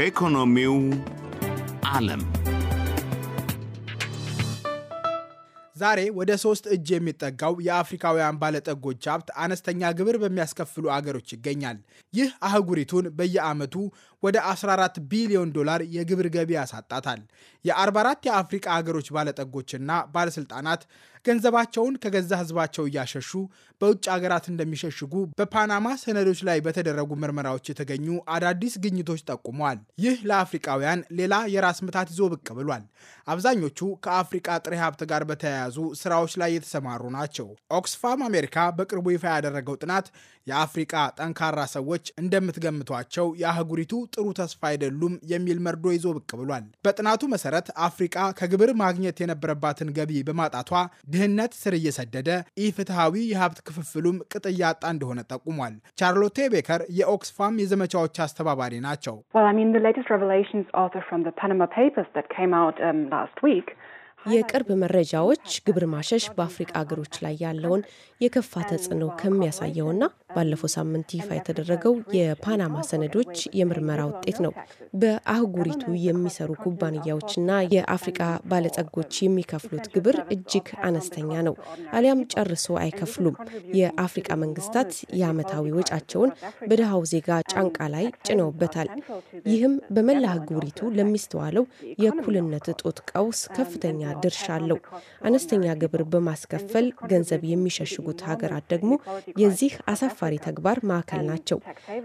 ከኢኮኖሚው ዓለም ዛሬ ወደ ሶስት እጅ የሚጠጋው የአፍሪካውያን ባለጠጎች ሀብት አነስተኛ ግብር በሚያስከፍሉ አገሮች ይገኛል። ይህ አህጉሪቱን በየዓመቱ ወደ 14 ቢሊዮን ዶላር የግብር ገቢ ያሳጣታል። የ44 የአፍሪካ አገሮች ባለጠጎችና ባለስልጣናት ገንዘባቸውን ከገዛ ህዝባቸው እያሸሹ በውጭ ሀገራት እንደሚሸሽጉ በፓናማ ሰነዶች ላይ በተደረጉ ምርመራዎች የተገኙ አዳዲስ ግኝቶች ጠቁመዋል። ይህ ለአፍሪቃውያን ሌላ የራስ ምታት ይዞ ብቅ ብሏል። አብዛኞቹ ከአፍሪቃ ጥሬ ሀብት ጋር በተያያዙ ስራዎች ላይ የተሰማሩ ናቸው። ኦክስፋም አሜሪካ በቅርቡ ይፋ ያደረገው ጥናት የአፍሪቃ ጠንካራ ሰዎች እንደምትገምቷቸው የአህጉሪቱ ጥሩ ተስፋ አይደሉም የሚል መርዶ ይዞ ብቅ ብሏል። በጥናቱ መሰረት አፍሪቃ ከግብር ማግኘት የነበረባትን ገቢ በማጣቷ ድህነት ስር እየሰደደ ኢፍትሐዊ የሀብት ክፍፍሉም ቅጥ እያጣ እንደሆነ ጠቁሟል። ቻርሎቴ ቤከር የኦክስፋም የዘመቻዎች አስተባባሪ ናቸው። um, የቅርብ መረጃዎች ግብር ማሸሽ በአፍሪቃ ሀገሮች ላይ ያለውን የከፋ ተጽዕኖ ከሚያሳየውና ባለፈው ሳምንት ይፋ የተደረገው የፓናማ ሰነዶች የምርመራ ውጤት ነው። በአህጉሪቱ የሚሰሩ ኩባንያዎችና የአፍሪቃ ባለጸጎች የሚከፍሉት ግብር እጅግ አነስተኛ ነው፣ አሊያም ጨርሶ አይከፍሉም። የአፍሪቃ መንግስታት የአመታዊ ወጫቸውን በድሃው ዜጋ ጫንቃ ላይ ጭነውበታል። ይህም በመላ አህጉሪቱ ለሚስተዋለው የእኩልነት እጦት ቀውስ ከፍተኛ ድርሻ አለው። አነስተኛ ግብር በማስከፈል ገንዘብ የሚሸሽጉት ሀገራት ደግሞ የዚህ አሳፍ አሳፋሪ ተግባር ማዕከል ናቸው።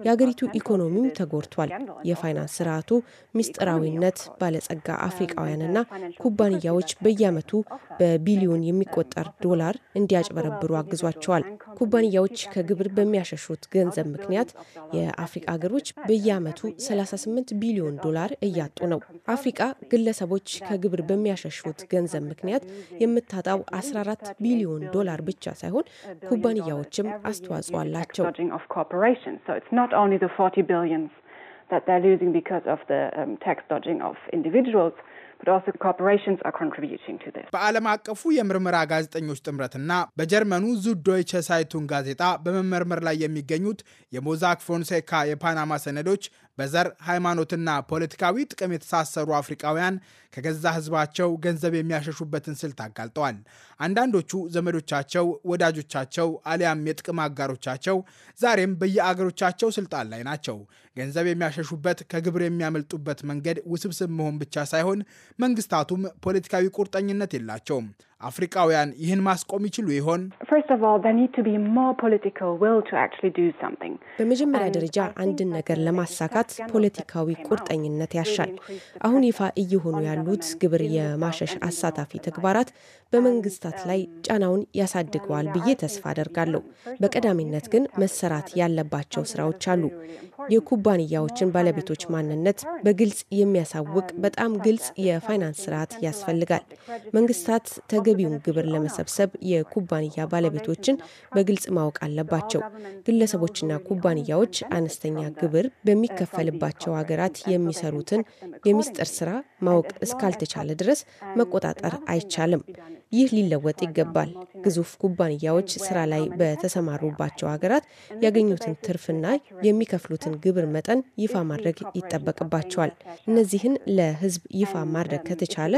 የአገሪቱ ኢኮኖሚም ተጎድቷል። የፋይናንስ ስርዓቱ ሚስጥራዊነት ባለጸጋ አፍሪቃውያንና ኩባንያዎች በየዓመቱ በቢሊዮን የሚቆጠር ዶላር እንዲያጭበረብሩ አግዟቸዋል። ኩባንያዎች ከግብር በሚያሸሹት ገንዘብ ምክንያት የአፍሪቃ ሀገሮች በየዓመቱ 38 ቢሊዮን ዶላር እያጡ ነው። አፍሪቃ ግለሰቦች ከግብር በሚያሸሹት ገንዘብ ምክንያት የምታጣው 14 ቢሊዮን ዶላር ብቻ ሳይሆን ኩባንያዎችም አስተዋጽኦ አላቸው። በዓለም አቀፉ የምርምራ ጋዜጠኞች ጥምረትና በጀርመኑ ዙዶይቸ ሳይቱን ጋዜጣ በመመርመር ላይ የሚገኙት የሞዛክ ፎንሴካ የፓናማ ሰነዶች በዘር ሃይማኖትና ፖለቲካዊ ጥቅም የተሳሰሩ አፍሪቃውያን ከገዛ ሕዝባቸው ገንዘብ የሚያሸሹበትን ስልት አጋልጠዋል። አንዳንዶቹ ዘመዶቻቸው፣ ወዳጆቻቸው አሊያም የጥቅም አጋሮቻቸው ዛሬም በየአገሮቻቸው ስልጣን ላይ ናቸው። ገንዘብ የሚያሸሹበት ከግብር የሚያመልጡበት መንገድ ውስብስብ መሆን ብቻ ሳይሆን መንግስታቱም ፖለቲካዊ ቁርጠኝነት የላቸውም። አፍሪቃውያን ይህን ማስቆም ይችሉ ይሆን? በመጀመሪያ ደረጃ አንድን ነገር ለማሳካት ፖለቲካዊ ቁርጠኝነት ያሻል። አሁን ይፋ እየሆኑ ያሉት ግብር የማሸሽ አሳታፊ ተግባራት በመንግስታት ላይ um, ጫናውን ያሳድገዋል ብዬ ተስፋ አደርጋለሁ። በቀዳሚነት ግን መሰራት ያለባቸው ስራዎች አሉ። የኩባንያዎችን ባለቤቶች ማንነት በግልጽ የሚያሳውቅ um, በጣም ግልጽ የፋይናንስ ስርዓት ያስፈልጋል። መንግስታት ተገ ተገቢውን ግብር ለመሰብሰብ የኩባንያ ባለቤቶችን በግልጽ ማወቅ አለባቸው። ግለሰቦችና ኩባንያዎች አነስተኛ ግብር በሚከፈልባቸው ሀገራት የሚሰሩትን የሚስጥር ስራ ማወቅ እስካልተቻለ ድረስ መቆጣጠር አይቻልም። ይህ ሊለወጥ ይገባል። ግዙፍ ኩባንያዎች ስራ ላይ በተሰማሩባቸው ሀገራት ያገኙትን ትርፍና የሚከፍሉትን ግብር መጠን ይፋ ማድረግ ይጠበቅባቸዋል። እነዚህን ለሕዝብ ይፋ ማድረግ ከተቻለ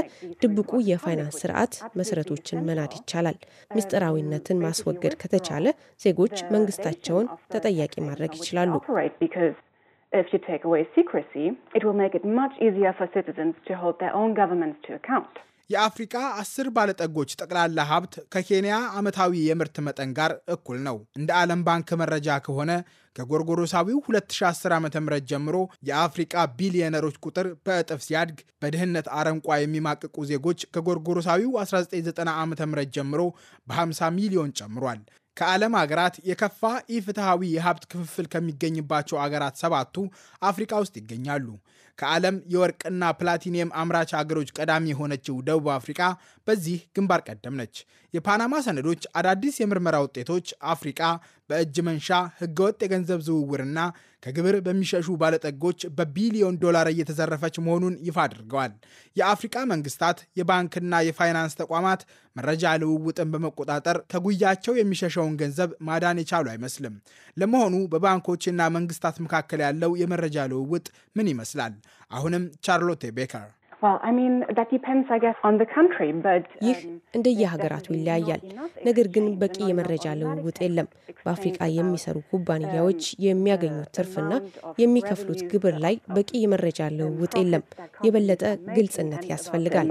ድብቁ የፋይናንስ ስርዓት መሰ መሰረቶችን መናድ ይቻላል። ምስጢራዊነትን ማስወገድ ከተቻለ ዜጎች መንግስታቸውን ተጠያቂ ማድረግ ይችላሉ። የአፍሪካ አስር ባለጠጎች ጠቅላላ ሀብት ከኬንያ ዓመታዊ የምርት መጠን ጋር እኩል ነው። እንደ ዓለም ባንክ መረጃ ከሆነ ከጎርጎሮሳዊው 2010 ዓ ም ጀምሮ የአፍሪቃ ቢሊየነሮች ቁጥር በእጥፍ ሲያድግ በድህነት አረንቋ የሚማቅቁ ዜጎች ከጎርጎሮሳዊው 1990 ዓ ም ጀምሮ በ50 ሚሊዮን ጨምሯል። ከዓለም ሀገራት የከፋ ኢፍትሐዊ የሀብት ክፍፍል ከሚገኝባቸው አገራት ሰባቱ አፍሪካ ውስጥ ይገኛሉ። ከዓለም የወርቅና ፕላቲኒየም አምራች አገሮች ቀዳሚ የሆነችው ደቡብ አፍሪካ በዚህ ግንባር ቀደም ነች። የፓናማ ሰነዶች አዳዲስ የምርመራ ውጤቶች አፍሪካ በእጅ መንሻ፣ ህገወጥ የገንዘብ ዝውውርና ከግብር በሚሸሹ ባለጠጎች በቢሊዮን ዶላር እየተዘረፈች መሆኑን ይፋ አድርገዋል። የአፍሪቃ መንግስታት የባንክና የፋይናንስ ተቋማት መረጃ ልውውጥን በመቆጣጠር ከጉያቸው የሚሸሸውን ገንዘብ ማዳን የቻሉ አይመስልም። ለመሆኑ በባንኮችና መንግስታት መካከል ያለው የመረጃ ልውውጥ ምን ይመስላል? አሁንም ቻርሎቴ ቤከር ይህ um, እንደየሀገራቱ ይለያያል። ነገር ግን um, um, በቂ የመረጃ ልውውጥ የለም። በአፍሪቃ የሚሰሩ ኩባንያዎች የሚያገኙት ትርፍና የሚከፍሉት ግብር ላይ በቂ የመረጃ ልውውጥ የለም። የበለጠ ግልጽነት ያስፈልጋል።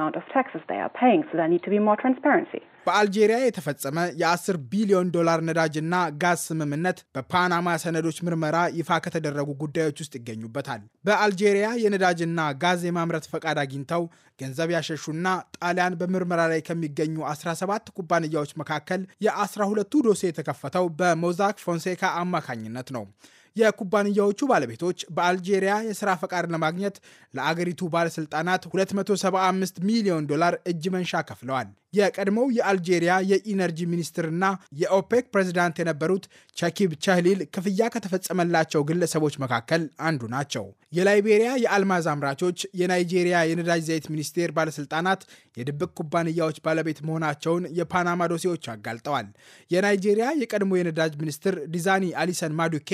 በአልጄሪያ የተፈጸመ የ10 ቢሊዮን ዶላር ነዳጅና ጋዝ ስምምነት በፓናማ ሰነዶች ምርመራ ይፋ ከተደረጉ ጉዳዮች ውስጥ ይገኙበታል። በአልጄሪያ የነዳጅና ጋዝ የማምረት ፈቃድ አግኝተው ገንዘብ ያሸሹና ጣሊያን በምርመራ ላይ ከሚገኙ 17 ኩባንያዎች መካከል የ12ቱ ዶሴ የተከፈተው በሞዛክ ፎንሴካ አማካኝነት ነው። የኩባንያዎቹ ባለቤቶች በአልጄሪያ የሥራ ፈቃድ ለማግኘት ለአገሪቱ ባለሥልጣናት 275 ሚሊዮን ዶላር እጅ መንሻ ከፍለዋል። የቀድሞው የአልጄሪያ የኢነርጂ ሚኒስትርና የኦፔክ ፕሬዝዳንት የነበሩት ቻኪብ ቻህሊል ክፍያ ከተፈጸመላቸው ግለሰቦች መካከል አንዱ ናቸው። የላይቤሪያ የአልማዝ አምራቾች የናይጄሪያ የነዳጅ ዘይት ሚኒስቴር ባለስልጣናት የድብቅ ኩባንያዎች ባለቤት መሆናቸውን የፓናማ ዶሴዎች አጋልጠዋል። የናይጄሪያ የቀድሞ የነዳጅ ሚኒስትር ዲዛኒ አሊሰን ማዱኬ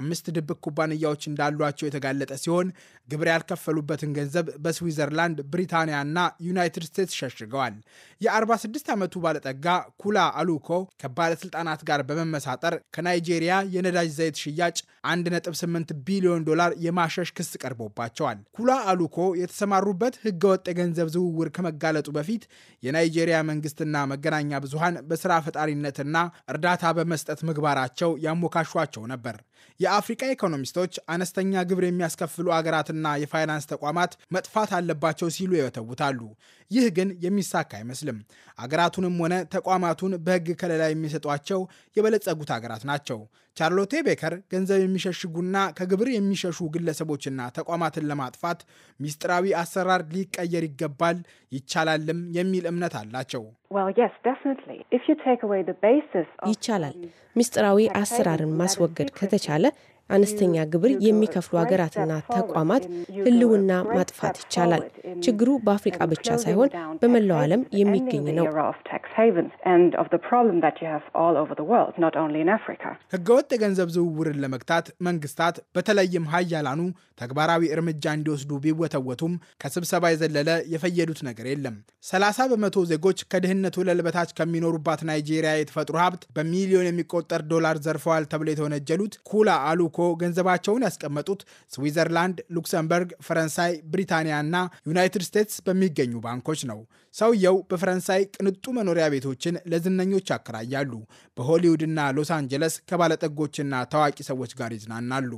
አምስት ድብቅ ኩባንያዎች እንዳሏቸው የተጋለጠ ሲሆን ግብር ያልከፈሉበትን ገንዘብ በስዊዘርላንድ፣ ብሪታንያና ዩናይትድ ስቴትስ ሸሽገዋል። የ46 ዓመቱ ባለጠጋ ኩላ አሉኮ ከባለስልጣናት ጋር በመመሳጠር ከናይጄሪያ የነዳጅ ዘይት ሽያጭ 1.8 ቢሊዮን ዶላር የማሸሽ ክስ ቀርቦባቸዋል። ኩላ አሉኮ የተሰማሩበት ህገወጥ የገንዘብ ዝውውር ከመጋለጡ በፊት የናይጄሪያ መንግስትና መገናኛ ብዙሃን በሥራ ፈጣሪነትና እርዳታ በመስጠት ምግባራቸው ያሞካሿቸው ነበር። የአፍሪቃ ኢኮኖሚስቶች አነስተኛ ግብር የሚያስከፍሉ አገራትና የፋይናንስ ተቋማት መጥፋት አለባቸው ሲሉ ይወተውታሉ። ይህ ግን የሚሳካ አይመስልም። አገራቱንም ሆነ ተቋማቱን በሕግ ከለላ የሚሰጧቸው የበለጸጉት አገራት ናቸው። ቻርሎቴ ቤከር ገንዘብ የሚሸሽጉና ከግብር የሚሸሹ ግለሰቦችና ተቋማትን ለማጥፋት ሚስጥራዊ አሰራር ሊቀየር ይገባል፣ ይቻላልም የሚል እምነት አላቸው። ይቻላል። ምስጢራዊ አሰራርን ማስወገድ ከተቻለ አነስተኛ ግብር የሚከፍሉ ሀገራትና ተቋማት ህልውና ማጥፋት ይቻላል። ችግሩ በአፍሪቃ ብቻ ሳይሆን በመላው ዓለም የሚገኝ ነው። ህገወጥ የገንዘብ ዝውውርን ለመግታት መንግስታት በተለይም ሀያላኑ ተግባራዊ እርምጃ እንዲወስዱ ቢወተወቱም ከስብሰባ የዘለለ የፈየዱት ነገር የለም። 30 በመቶ ዜጎች ከድህነት ወለል በታች ከሚኖሩባት ናይጄሪያ የተፈጥሮ ሀብት በሚሊዮን የሚቆጠር ዶላር ዘርፈዋል ተብሎ የተወነጀሉት ኩላ አሉኮ ተልኮ ገንዘባቸውን ያስቀመጡት ስዊዘርላንድ፣ ሉክሰምበርግ፣ ፈረንሳይ፣ ብሪታንያና ዩናይትድ ስቴትስ በሚገኙ ባንኮች ነው። ሰውየው በፈረንሳይ ቅንጡ መኖሪያ ቤቶችን ለዝነኞች ያከራያሉ። በሆሊውድና ሎስ አንጀለስ ከባለጠጎችና ታዋቂ ሰዎች ጋር ይዝናናሉ።